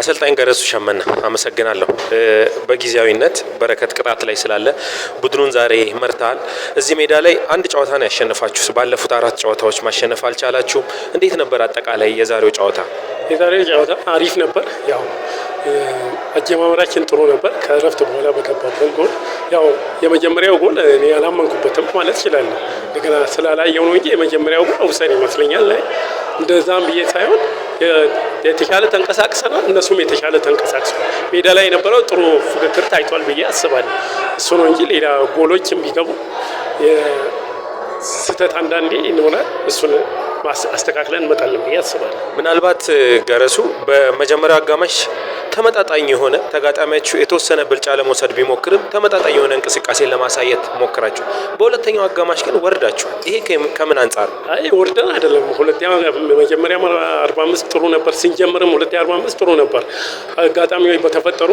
አሰልጣኝ ገረሱ ሸመና አመሰግናለሁ። በጊዜያዊነት በረከት ቅጣት ላይ ስላለ ቡድኑን ዛሬ መርተሃል። እዚህ ሜዳ ላይ አንድ ጨዋታ ነው ያሸነፋችሁ። ባለፉት አራት ጨዋታዎች ማሸነፍ አልቻላችሁም። እንዴት ነበር አጠቃላይ የዛሬው ጨዋታ? የዛሬው ጨዋታ አሪፍ ነበር ያው አጀማመራችን ጥሩ ነበር። ከእረፍት በኋላ በገባበት ጎል ያው የመጀመሪያው ጎል እኔ አላመንኩበትም ማለት እችላለሁ። እንደገና ስላላየው ነው እንጂ የመጀመሪያው ጎል ውሰን ይመስለኛል። ላይ እንደዛም ብዬ ሳይሆን የተሻለ ተንቀሳቅሰናል፣ እነሱም የተሻለ ተንቀሳቅሰዋል። ሜዳ ላይ የነበረው ጥሩ ፍክክር ታይቷል ብዬ አስባለሁ። እሱ ነው እንጂ ሌላ ጎሎችም ቢገቡ ስህተት አንዳንዴ ይሆናል። እሱን አስተካክለን እንመጣለን ብዬ አስባለሁ። ምናልባት ገረሱ በመጀመሪያው አጋማሽ ተመጣጣኝ የሆነ ተጋጣሚያቸው የተወሰነ ብልጫ ለመውሰድ ቢሞክርም ተመጣጣኝ የሆነ እንቅስቃሴን ለማሳየት ሞክራችሁ፣ በሁለተኛው አጋማሽ ግን ወርዳችኋል። ይሄ ከምን አንጻር ነው? አይ ወርደን አይደለም። ሁለተኛ መጀመሪያ አርባ አምስት ጥሩ ነበር ስንጀምርም፣ ሁለተኛ አርባ አምስት ጥሩ ነበር። አጋጣሚዎች በተፈጠሩ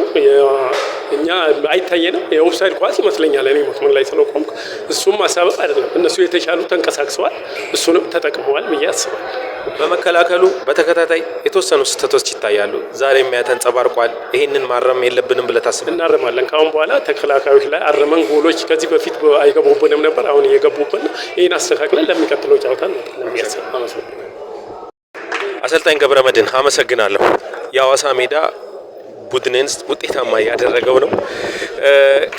እኛ አይታየንም። የኦፍሳይድ ኳስ ይመስለኛል እኔ መስመር ላይ ስለቆምኩ እሱም ማሳበብ አይደለም። እነሱ የተሻሉ ተንቀሳቅሰዋል፣ እሱንም ተጠቅመዋል ብዬ አስባለሁ። በመከላከሉ በተከታታይ የተወሰኑ ስህተቶች ይታያሉ። ዛሬ ሚያ ተንጸባርቋል። ይህንን ማረም የለብንም ብለህ ታስባለህ? እናረማለን። ከአሁን በኋላ ተከላካዮች ላይ አረመን። ጎሎች ከዚህ በፊት አይገቡብንም ነበር፣ አሁን እየገቡብን፣ ይህን አስተካክለን ለሚቀጥለው ጨዋታ አሰልጣኝ ገብረ መድን አመሰግናለሁ። የአዋሳ ሜዳ ቡድንን ውጤታማ እያደረገው ነው።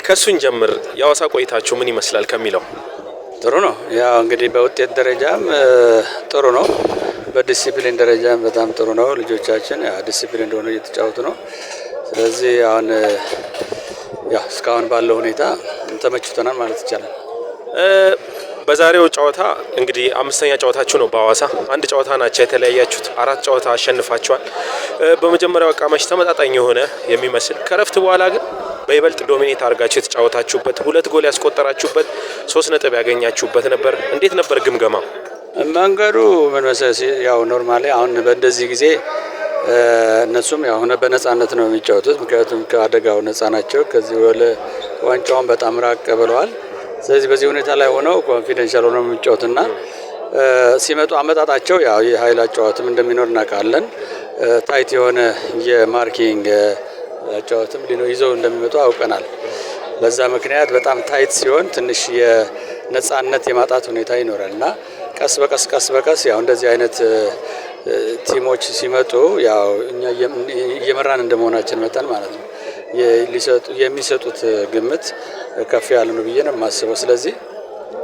ከሱን ጀምር የአዋሳ ቆይታችሁ ምን ይመስላል ከሚለው ጥሩ ነው። ያው እንግዲህ በውጤት ደረጃም ጥሩ ነው። በዲሲፕሊን ደረጃ በጣም ጥሩ ነው። ልጆቻችን ዲሲፕሊን እንደሆነ እየተጫወቱ ነው። ስለዚህ አሁን ያው እስካሁን ባለው ሁኔታ ተመችቶናል ማለት ይቻላል። በዛሬው ጨዋታ እንግዲህ አምስተኛ ጨዋታችሁ ነው በሐዋሳ አንድ ጨዋታ ናቸው የተለያያችሁት። አራት ጨዋታ አሸንፋችኋል። በመጀመሪያው አጋማሽ ተመጣጣኝ የሆነ የሚመስል ከረፍት በኋላ ግን በይበልጥ ዶሚኔት አድርጋችሁ የተጫወታችሁበት፣ ሁለት ጎል ያስቆጠራችሁበት፣ ሶስት ነጥብ ያገኛችሁበት ነበር። እንዴት ነበር ግምገማው? መንገዱ ምን መሰለሽ ያው ኖርማሊ አሁን በእንደዚህ ጊዜ እነሱም ያው በነጻነት ነው የሚጫወቱት። ምክንያቱም ከአደጋው ነጻ ናቸው። ከዚህ ወለ ዋንጫውን በጣም ራቅ ብለዋል። ስለዚህ በዚህ ሁኔታ ላይ ሆነው ኮንፊደንሻል ሆነው የሚጫወቱና ሲመጡ አመጣጣቸው ያው የኃይል እንደሚኖር እናውቃለን። ታይት የሆነ የማርኪንግ ሊኖ ይዘው እንደሚመጡ አውቀናል። በዛ ምክንያት በጣም ታይት ሲሆን ትንሽ የነጻነት የማጣት ሁኔታ ይኖራል እና ቀስ በቀስ ቀስ በቀስ ያው እንደዚህ አይነት ቲሞች ሲመጡ ያው እኛ እየመራን እንደመሆናችን መጠን ማለት ነው የሚሰጡት ግምት ከፍ ያለ ነው ብዬ ነው የማስበው። ስለዚህ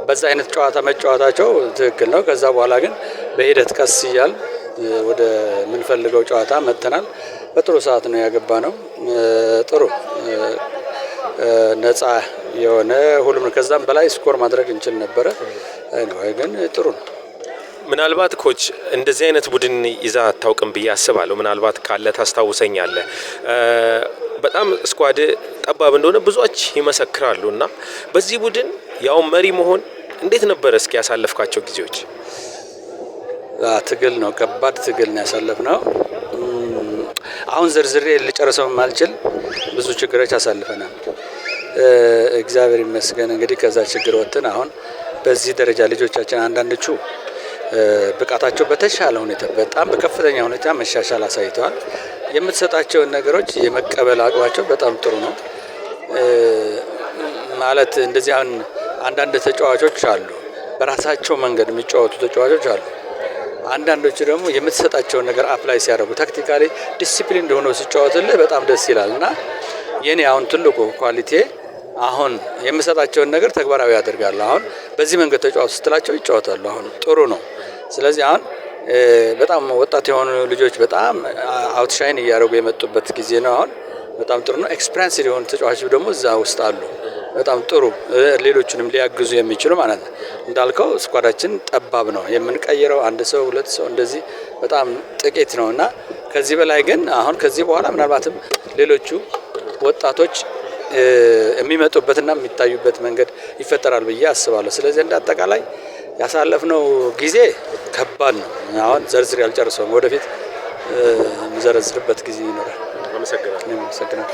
በዛ አይነት ጨዋታ መጫወታቸው ትክክል ነው። ከዛ በኋላ ግን በሂደት ቀስ እያል ወደ ምንፈልገው ጨዋታ መጥተናል። በጥሩ ሰዓት ነው ያገባ ነው ጥሩ ነጻ የሆነ ሁሉም ከዛም በላይ ስኮር ማድረግ እንችል ነበረ። ግን ጥሩ ነው። ምናልባት ኮች እንደዚህ አይነት ቡድን ይዛ አታውቅም ብዬ አስባለሁ። ምናልባት ካለ ታስታውሰኛለ። በጣም ስኳድ ጠባብ እንደሆነ ብዙዎች ይመሰክራሉ እና በዚህ ቡድን ያው መሪ መሆን እንዴት ነበረ? እስኪ ያሳለፍካቸው ጊዜዎች? ትግል ነው፣ ከባድ ትግል ነው ያሳለፍ ነው። አሁን ዝርዝሬ ልጨርሰው ማልችል ብዙ ችግሮች አሳልፈናል። እግዚአብሔር ይመስገን እንግዲህ ከዛ ችግር ወጥተን አሁን በዚህ ደረጃ ልጆቻችን አንዳንዶቹ ብቃታቸው በተሻለ ሁኔታ በጣም በከፍተኛ ሁኔታ መሻሻል አሳይተዋል። የምትሰጣቸውን ነገሮች የመቀበል አቅባቸው በጣም ጥሩ ነው። ማለት እንደዚህ አሁን አንዳንድ ተጫዋቾች አሉ፣ በራሳቸው መንገድ የሚጫወቱ ተጫዋቾች አሉ። አንዳንዶቹ ደግሞ የምትሰጣቸውን ነገር አፕላይ ሲያደርጉ ታክቲካሊ ዲሲፕሊን እንደሆነ ሲጫወትልህ በጣም ደስ ይላል እና የኔ አሁን ትልቁ ኳሊቲ አሁን የምሰጣቸውን ነገር ተግባራዊ ያደርጋሉ። አሁን በዚህ መንገድ ተጫወቱ ስትላቸው ይጫወታሉ። አሁን ጥሩ ነው። ስለዚህ አሁን በጣም ወጣት የሆኑ ልጆች በጣም አውትሻይን እያደረጉ የመጡበት ጊዜ ነው። አሁን በጣም ጥሩ ነው። ኤክስፐሪንስ የሆኑ ተጫዋች ደግሞ እዛ ውስጥ አሉ። በጣም ጥሩ ሌሎችንም ሊያግዙ የሚችሉ ማለት ነው። እንዳልከው ስኳዳችን ጠባብ ነው የምንቀይረው፣ አንድ ሰው ሁለት ሰው እንደዚህ በጣም ጥቂት ነው እና ከዚህ በላይ ግን አሁን ከዚህ በኋላ ምናልባትም ሌሎቹ ወጣቶች የሚመጡበትና የሚታዩበት መንገድ ይፈጠራል ብዬ አስባለሁ። ስለዚህ እንደ አጠቃላይ ያሳለፍነው ጊዜ ከባድ ነው። አሁን ዘርዝር ያልጨርሰውም ወደፊት የሚዘረዝርበት ጊዜ ይኖራል። አመሰግናለሁ።